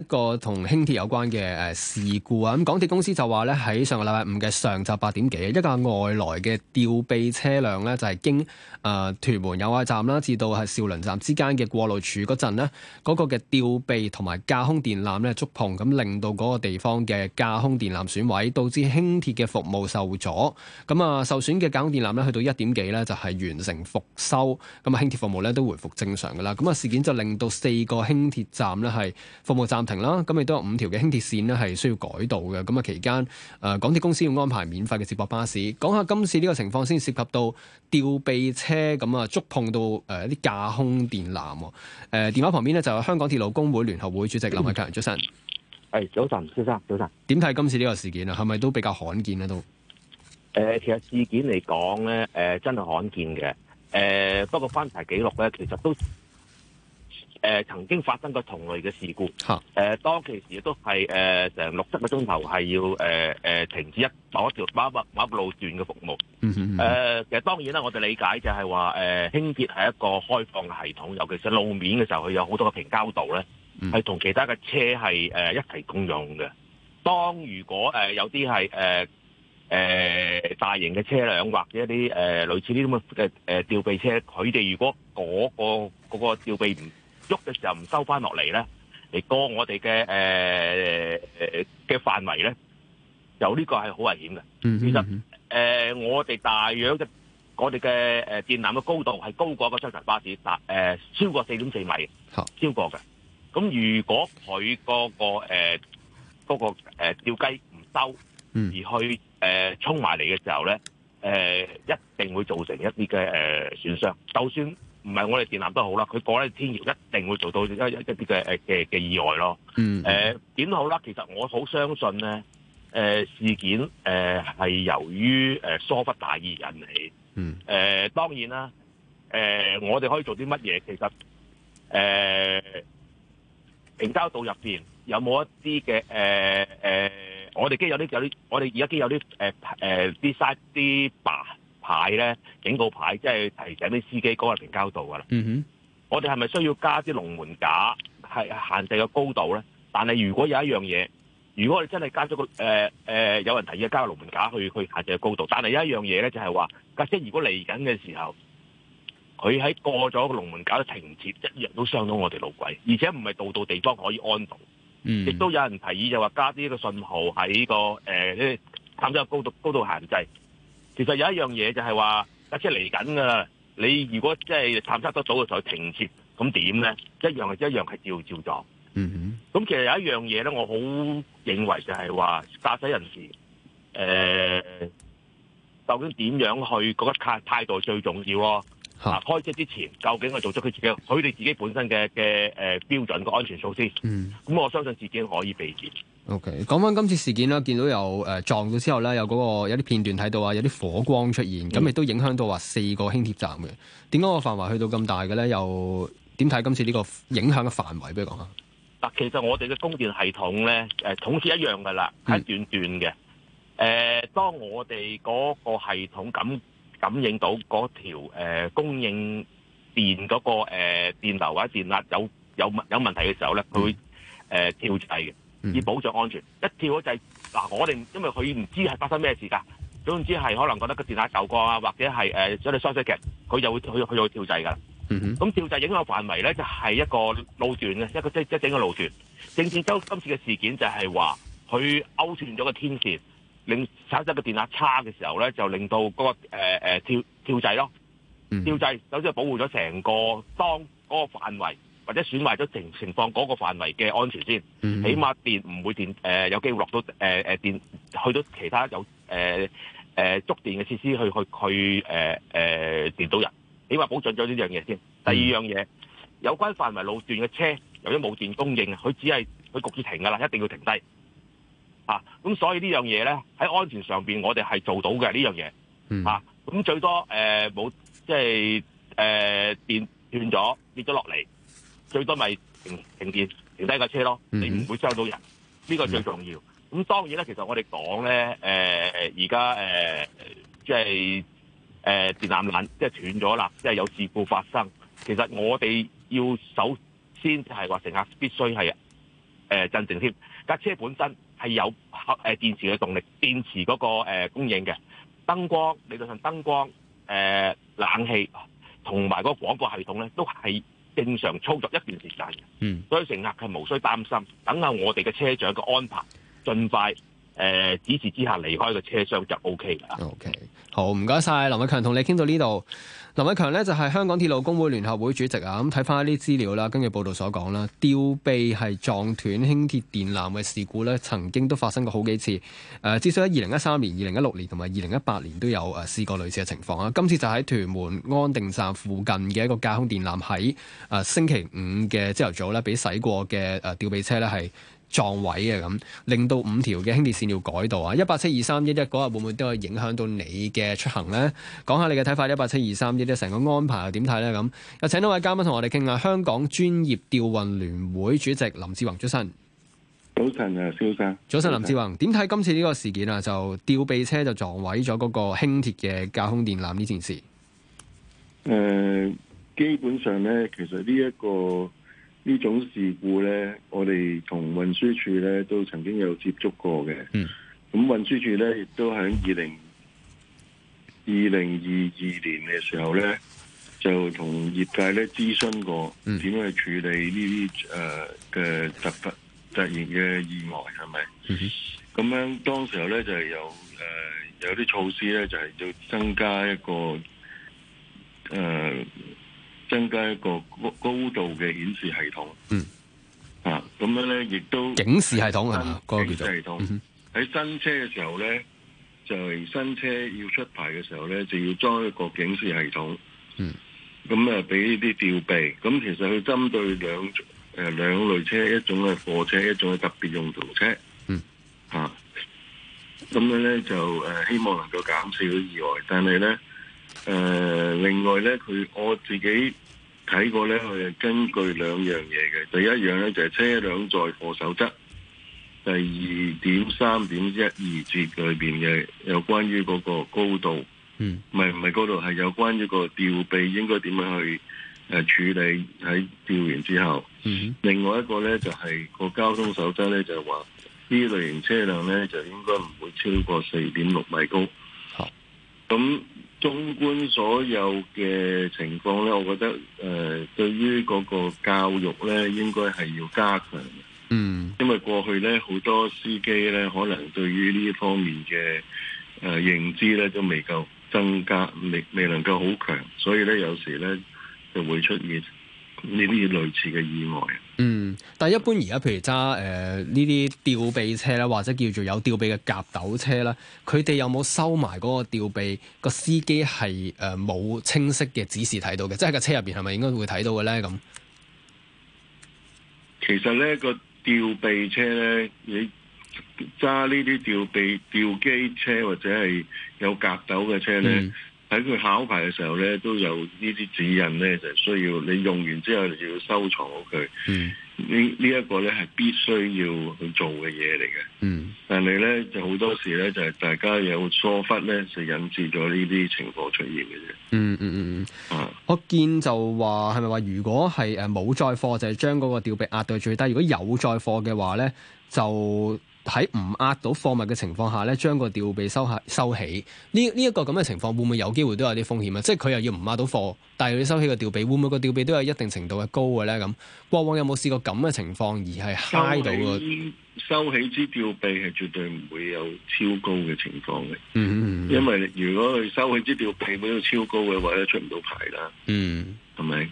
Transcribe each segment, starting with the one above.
一個同輕鐵有關嘅誒事故啊，咁港鐵公司就話咧喺上個禮拜五嘅上晝八點幾，一架外來嘅吊臂車輛呢，就係經誒屯門友愛站啦，至到係兆麟站之間嘅過路柱嗰陣咧，嗰、嗰個嘅吊臂同埋架空電纜咧觸碰，咁令到嗰個地方嘅架空電纜損毀，導致輕鐵嘅服務受阻。咁啊，受損嘅架空電纜呢，去到一點幾呢，就係完成復修，咁啊輕鐵服務呢都回復正常噶啦。咁啊事件就令到四個輕鐵站呢，係服務站啦，咁亦都有五條嘅輕鐵線呢係需要改道嘅，咁啊期間，誒港鐵公司要安排免費嘅接駁巴士。講下今次呢個情況先，涉及到吊臂車咁啊觸碰到誒啲架空電纜。誒，電話旁邊呢，就係香港鐵路工會聯合會主席林偉強先生。誒，早晨，先生，早晨。點睇今次呢個事件啊？係咪都比較罕見呢？都？誒，其實事件嚟講咧，誒、呃、真係罕見嘅。誒、呃，不過翻查記錄咧，其實都。誒、呃、曾經發生過同類嘅事故，誒、呃、當其時亦都係誒成六七個鐘頭係要誒誒、呃呃、停止一嗰條某某路段嘅服務。誒、 呃、其實當然啦，我哋理解就係話誒輕鐵係一個開放嘅系統，尤其是路面嘅時候，佢有好多個平交道咧，係同 其他嘅車係誒、呃、一齊共用嘅。當如果誒、呃、有啲係誒誒大型嘅車輛或者一啲誒、呃、類似呢啲咁嘅誒吊臂車，佢哋如果嗰、那個嗰、那個吊臂唔喐嘅時候唔收翻落嚟咧，嚟過我哋嘅誒嘅範圍咧，就呢個係好危險嘅。嗯哼嗯哼其實誒、呃，我哋大約嘅我哋嘅誒電纜嘅高度係高過一個雙層巴士，達誒超過四點四米，超過嘅。咁好如果佢嗰、嗰個誒嗰、呃嗰個誒、呃、吊雞唔收，嗯、而去誒、呃、衝埋嚟嘅時候咧，誒、呃、一定會造成一啲嘅誒損傷，就算。唔係我哋電纜都好啦，佢過喺天橋一定會做到一一啲嘅嘅嘅意外咯。嗯，點都好啦，其實我好相信咧，誒、呃、事件誒係、呃、由於誒、呃、疏忽大意引起。誒、mm hmm. 呃、當然啦，誒、呃、我哋可以做啲乜嘢？其實誒、呃、平交道入邊有冇一啲嘅誒誒？我哋已經有啲有啲，我哋而家已經有啲誒誒，啲啲把牌咧，警告牌即係提醒啲司機嗰個停交道㗎喇。嗯哼、mm，hmm. 我哋係咪需要加啲龍門架，係限制個高度咧？但係如果有一樣嘢，如果我哋真係加咗個誒誒、呃呃，有人提議加個龍門架去去限制個高度，但係有一樣嘢咧，就係話，即係如果嚟緊嘅時候，佢喺過咗個龍門架都停唔切，一樣都傷到我哋路軌，而且唔係度度地方可以安到。亦、mm hmm. 都有人提議就話加啲個信號喺、個誒，減、呃、少高度高度限制。其實有一樣嘢就係話，駕車嚟緊噶啦，你如果即係探測得到嘅時候停車，咁點咧？一樣係一樣係照照做。嗯哼、mm。咁、hmm. 其實有一樣嘢咧，我好認為就係話，駕駛人士誒，究竟點樣去嗰一刻態度最重要咯？嚇、mm！Hmm. 開車之前，究竟佢做出佢自己，佢哋自己本身嘅嘅誒標準個安全措施。嗯、mm。咁、hmm. 我相信自己可以避免。講翻今次事件啦，見到有誒撞到之後咧，有嗰個有啲片段睇到啊，有啲火光出現，咁亦都影響到話四個輕鐵站嘅。點解個範圍去到咁大嘅咧？又點睇今次呢個影響嘅範圍？不如講下。嗱，其實我哋嘅供電系統咧，誒總之一樣噶啦，係一段段嘅。誒，當我哋嗰個系統感感應到嗰條誒供應電嗰個誒電流或者電壓有有有問題嘅時候咧，佢會誒跳掣嘅。Mm hmm. 以保障安全，一跳嗰、就、陣、是，嗱、啊、我哋因為佢唔知係發生咩事噶，總之係可能覺得個電壓夠高啊，或者係誒將你衰死極，佢、呃、就會佢去會跳掣噶。咁、mm hmm. 跳掣影響範圍咧就係、是、一個路段啊，一個即係一整個，個，個路段。正正周今次嘅事件就係話佢勾斷咗個天線，令產生個電壓差嘅時候咧，就令到嗰、那個誒誒、呃、跳跳掣咯。Mm hmm. 跳掣首先係保護咗成個當嗰個範圍。或者損壞咗情情況嗰個範圍嘅安全先，起碼電唔會電誒、呃、有機會落到誒誒、呃、電去到其他有誒誒觸電嘅設施去去去誒誒電到人，起碼保障咗呢樣嘢先。第二樣嘢、嗯、有關範圍路段嘅車，由於冇電供應，佢只係佢焗住停㗎啦，一定要停低咁、啊、所以呢樣嘢咧喺安全上面我哋係做到嘅呢樣嘢咁最多冇、呃、即係誒、呃、電斷咗跌咗落嚟。最多咪停停電停低架車咯，你唔會傷到人，呢、mm hmm. 個最重要。咁當然啦，其實我哋講咧，誒而家誒即係誒電纜纜即係斷咗啦，即、就、係、是、有事故發生。其實我哋要首先就係話乘客必須係誒、呃、鎮靜添。架車本身係有客電池嘅動力，電池嗰、那個、呃、供應嘅燈光，你就上燈光誒、呃、冷氣同埋嗰個廣播系統咧都係。正常操作一段時間，嗯，所以乘客係無需擔心，等下我哋嘅車長嘅安排，盡快誒、呃、指示之下離開個車廂就 OK 嘅啦。OK，好唔該晒。謝謝林偉強，同你傾到呢度。林偉強呢，就係香港鐵路工會聯合會主席啊。咁睇翻一啲資料啦，根據報道所講啦，吊臂係撞斷輕鐵電纜嘅事故呢，曾經都發生過好幾次。至少喺二零一三年、二零一六年同埋二零一八年都有誒試過類似嘅情況啊。今次就喺屯門安定站附近嘅一個架空電纜喺星期五嘅朝頭早呢，俾駛過嘅吊臂車呢係。撞位嘅，咁令到五條嘅輕鐵線要改道啊！一八七二三一一，嗰日會唔會都係影響到你嘅出行呢？講下你嘅睇法，一八七二三一一，成個安排又點睇呢？咁又請到位嘉賓同我哋傾下香港專業吊運聯會主席林志宏出身早先生。早晨啊，蕭生。早晨，林志宏，點睇今次呢個事件啊？就吊臂車就撞毀咗嗰個輕鐵嘅架空電纜呢件事，呃。基本上呢，其實呢、這、一個。呢種事故呢，我哋同運輸署呢都曾經有接觸過嘅。咁運輸署呢，亦都喺二零二零二二年嘅時候呢，就同業界呢諮詢過，點樣去處理呢啲誒嘅突發突然嘅意外係咪？咁樣、嗯、哼當時候呢，就係有誒、呃、有啲措施呢，就係、是、要增加一個誒。呃增加一個高度嘅顯示系統，嗯啊，咁樣咧亦都警示系統係嘛？嗰個叫做喺新車嘅時候咧，就係新車要出牌嘅時候咧，就要裝一個警示系統。嗯，咁啊俾呢啲吊臂，咁其實佢針對兩、誒兩類車，一種係貨車，一種係特別用途車。嗯啊，咁樣咧就、誒，希望能夠減少意外。但係咧。誒、呃，另外呢佢我自己睇過呢，佢係根據兩樣嘢嘅。第一樣呢就係、是、車輛載貨守則，第二點三點一二節裏面嘅有關於嗰個高度，嗯，唔係唔係高度，係有關於個吊臂應該點樣去、呃、處理喺吊完之後。嗯、另外一個呢就係、是、個交通守則呢就係話呢類型車輛呢就應該唔會超過四點六米高。咁好。綜觀所有嘅情況呢，我覺得誒、呃，對於嗰個教育呢，應該係要加強的，嗯，因為過去呢，好多司機呢，可能對於呢方面嘅誒、呃、認知呢，都未夠增加，未未能夠好強，所以呢，有時呢，就會出現。呢啲類似嘅意外。嗯，但係一般而家譬如揸誒呢啲吊臂車啦，或者叫做有吊臂嘅夾斗車啦，佢哋有冇收埋嗰個吊臂，個司機係誒冇清晰嘅指示睇到嘅？即係個車入邊係咪應該會睇到嘅咧？咁其實咧，個吊臂車咧，你揸呢啲吊臂吊機車或者係有夾斗嘅車咧。嗯喺佢考牌嘅時候咧，都有呢啲指引咧，就需要你用完之後就要收藏好佢。嗯，呢呢一個咧係必須要去做嘅嘢嚟嘅。嗯，但係咧就好多時咧就係大家有疏忽咧，就引致咗呢啲情況出現嘅啫、嗯。嗯嗯嗯嗯。嗯啊、我見就話係咪話，是是如果係誒冇載貨，就係、是、將嗰個吊臂壓到最低；如果有載貨嘅話咧，就。喺唔呃到貨物嘅情況下咧，將個吊臂收下收起，呢呢一個咁嘅情況會唔會有機會都有啲風險啊？即係佢又要唔呃到貨，但係要收起個吊臂，會唔會個吊臂都有一定程度嘅高嘅咧？咁過往,往有冇試過咁嘅情況而係嗨到、那個收？收起收起支吊臂係絕對唔會有超高嘅情況嘅、嗯，嗯嗯因為如果佢收起支吊臂，如果超高嘅話咧，出唔到牌啦，嗯，係咪？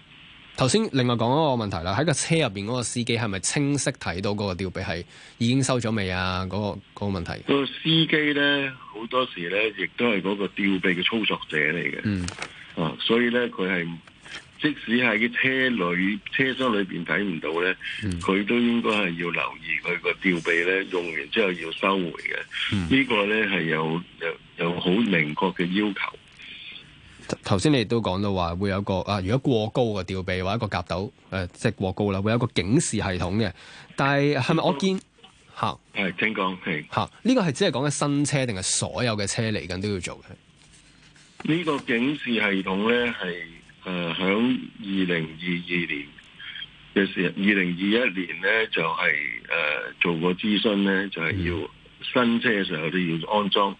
頭先另外講嗰個問題啦，喺個車入邊嗰個司機係咪清晰睇到嗰個吊臂係已經收咗未啊？嗰、嗰個嗰、嗰個問題。個司機咧好多時咧，亦都係嗰個吊臂嘅操作者嚟嘅。嗯。啊，所以咧佢係即使喺啲車裏、車廂裏邊睇唔到咧，佢、嗯、都應該係要留意佢個吊臂咧，用完之後要收回嘅。嗯、呢個呢個咧係有有有好明確嘅要求。頭先你都講到話會有一個啊，如果過高嘅吊臂或者一個夾斗誒、呃，即係過高啦，會有一個警示系統嘅。但係係咪我見吓？係聽講係吓？呢、啊啊這個係只係講緊新車定係所有嘅車嚟緊都要做嘅？呢個警示系統咧係誒響二零二二年嘅時候，二零二一年咧就係、是、誒、呃、做過諮詢咧，就係、是、要新車嘅時候都要安裝。嗯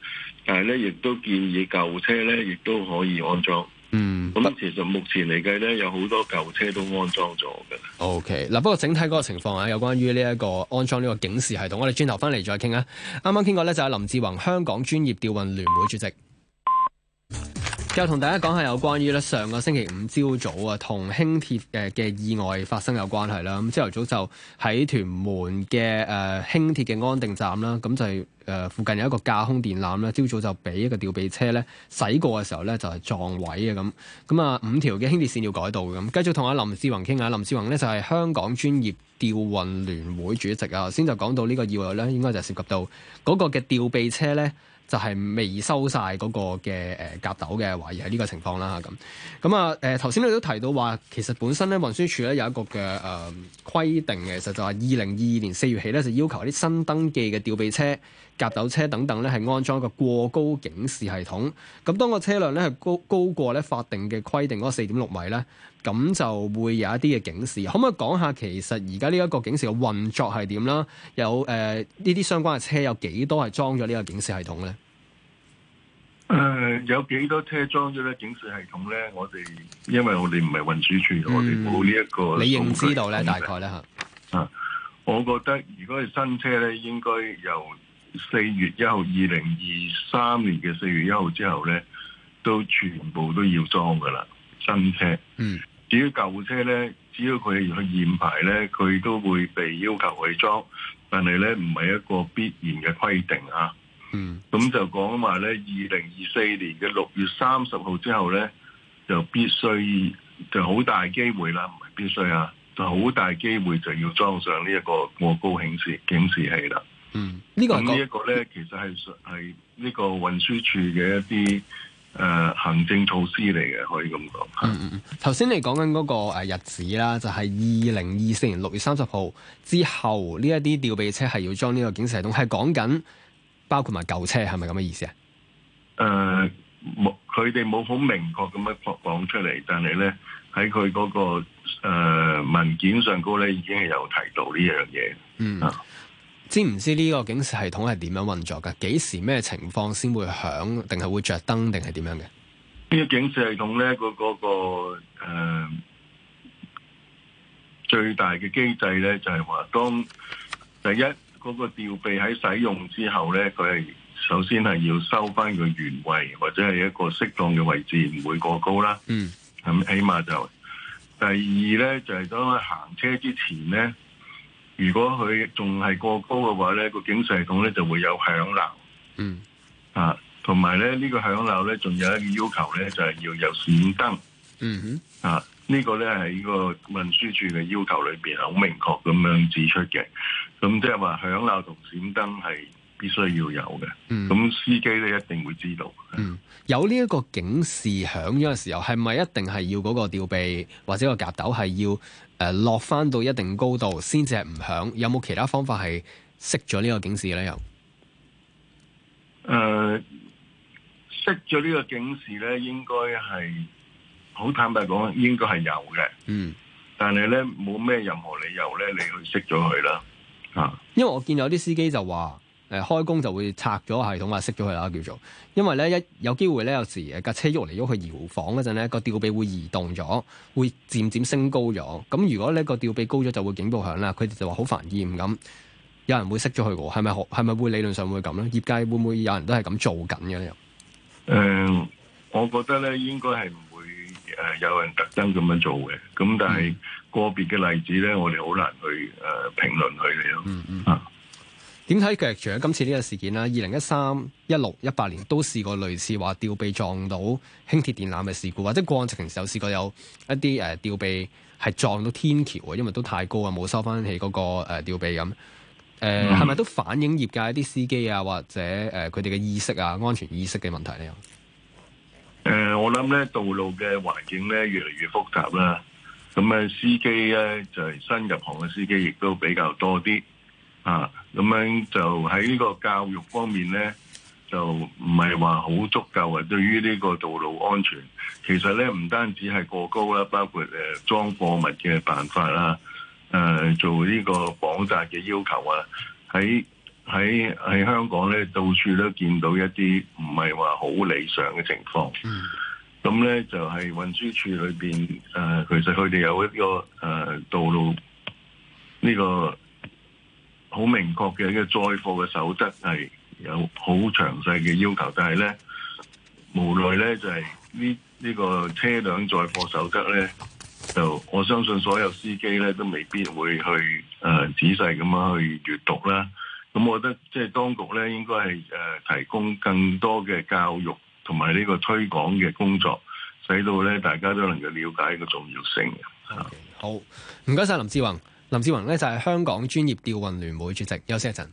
但係咧，亦都建議舊車咧，亦都可以安裝。嗯，咁其實目前嚟計咧，有好多舊車都安裝咗嘅。O K. 嗱，不過整體嗰個情況啊，有關於呢一個安裝呢個警示系統，我哋轉頭翻嚟再傾啊。啱啱傾過咧，就係、是、林志宏，香港專業吊運聯會主席。又同大家講下，有關於咧，上個星期五朝早啊，同輕鐵誒嘅意外發生有關係啦。咁朝頭早就喺屯門嘅誒輕鐵嘅安定站啦，咁就係誒附近有一個架空電纜咧。朝早就俾一個吊臂車咧駛過嘅時候咧，就係撞位啊咁。咁啊五條嘅輕鐵線要改道嘅咁，繼續同阿林志宏傾下。林志宏呢，就係香港專業吊運聯會主席啊，頭先就講到呢個意外咧，應該就涉及到嗰個嘅吊臂車咧。就係未收晒嗰個嘅誒夾斗嘅懷疑係呢個情況啦嚇咁。咁啊誒頭先你都提到話，其實本身咧運輸署咧有一個嘅誒、呃、規定嘅，就係二零二二年四月起咧就要求啲新登記嘅吊臂車。夾斗車等等咧，係安裝一個過高警示系統。咁當個車輛咧係高高過咧法定嘅規定嗰四點六米咧，咁就會有一啲嘅警示。可唔可以講下，其實而家呢一個警示嘅運作係點啦？有誒呢啲相關嘅車有幾多係裝咗呢個警示系統咧？誒，有幾多車裝咗咧警示系統咧？我哋因為我哋唔係運輸署，我哋冇呢一個。你認知道咧，大概咧吓。啊，我覺得如果係新車咧，應該由四月一號，二零二三年嘅四月一號之後呢，都全部都要裝噶啦，新車。嗯，至於舊車呢，只要佢要去驗牌呢，佢都會被要求去裝，但係呢，唔係一個必然嘅規定啊。嗯，咁就講話呢，二零二四年嘅六月三十號之後呢，就必須，就好大機會啦，唔係必須啊，就好大機會就要裝上呢一個過高警示警示器啦。嗯，呢、這個咁呢一個咧，嗯，這個、其實係係呢個運輸署嘅一啲誒、呃、行政措施嚟嘅，可以咁講、嗯。嗯嗯嗯，頭先你講緊嗰個誒日子啦，就係二零二四年六月三十號之後，呢一啲吊臂車係要裝呢個警示系統係講緊，是包括埋舊車，係咪咁嘅意思啊？誒、嗯，冇、嗯，佢哋冇好明確咁樣講出嚟，但係咧，喺佢嗰個誒、呃、文件上高咧，已經係有提到呢樣嘢。嗯。知唔知呢個警示系統係點樣運作㗎？幾時咩情況先會響，定係會着燈，定係點樣嘅？呢個警示系統咧、嗰個，個、呃、個最大嘅機制咧，就係話當第一嗰、嗰個吊臂喺使用之後咧，佢係首先係要收翻個原位，或者係一個適當嘅位置，唔會過高啦。嗯。咁起碼就第二咧，就係當佢行車之前咧。如果佢仲係過高嘅話，呢個警示系統呢就會有響鬧。嗯啊、mm，同埋呢呢個響鬧呢，仲有一個要求呢，就係要有閃燈。嗯哼、mm hmm. 啊，呢個呢，係呢個運輸處嘅要求裏邊好明確咁樣指出嘅。咁即係話響鬧同閃燈係，必須要有嘅，咁、嗯、司機咧一定會知道。嗯，有呢一個警示響咗嘅時候，係咪一定係要嗰個吊臂或者個夾斗係要誒落返到一定高度先至係唔響？有冇其他方法係熄咗呢個警示咧？又誒、呃，熄咗呢個警示咧，應該係好坦白講，應該係有嘅。嗯，但係咧冇咩任何理由咧，你去熄咗佢啦。啊，因為我見有啲司機就話。誒開工就會拆咗系統啊，熄咗佢啦叫做。因為咧一有機會咧，有時架車喐嚟喐去搖晃嗰陣咧，個吊臂會移動咗，會漸漸升高咗。咁如果呢個吊臂高咗，就會警報響啦。佢哋就話好煩厭咁，有人會熄咗佢喎。係咪，係咪會理論上會咁咧？業界會唔會有人都係咁做緊嘅咧？誒、嗯，我覺得咧應該係唔會誒有人特登咁樣做嘅。咁但係個別嘅例子咧，我哋好難去誒評論佢哋咯。嗯嗯、啊。點睇劇？除咗今次呢個事件啦，二零一三、一六、一八年都試過類似話吊臂撞到輕鐵電纜嘅事故，或者過程直情有試過有一啲誒吊臂係撞到天橋啊，因為都太高啊，冇收翻起嗰個誒吊臂咁。誒係咪都反映業界啲司機啊，或者誒佢哋嘅意識啊、安全意識嘅問題咧？誒、呃，我諗咧道路嘅環境咧越嚟越複雜啦，咁啊司機咧就係、是、新入行嘅司機亦都比較多啲。啊，咁樣就喺呢個教育方面咧，就唔係話好足夠啊。對於呢個道路安全，其實咧唔單止係過高啦，包括誒、呃、裝貨物嘅辦法啦，誒、呃、做呢個綁紮嘅要求啊，喺喺喺香港咧，到處都見到一啲唔係話好理想嘅情況。咁咧就係運輸署裏邊誒、呃，其實佢哋有一個誒、呃、道路呢、這個。好明確嘅一個載貨嘅守則係有好詳細嘅要求，但係咧無奈咧就係呢呢個車輛載貨守則咧，就我相信所有司機咧都未必會去誒、呃、仔細咁樣去閱讀啦。咁我覺得即係當局咧應該係誒提供更多嘅教育同埋呢個推廣嘅工作，使到咧大家都能夠了解呢個重要性嘅。Okay, 好，唔該晒林志宏。林志宏咧就係香港專業吊運聯會主席，休息一陣。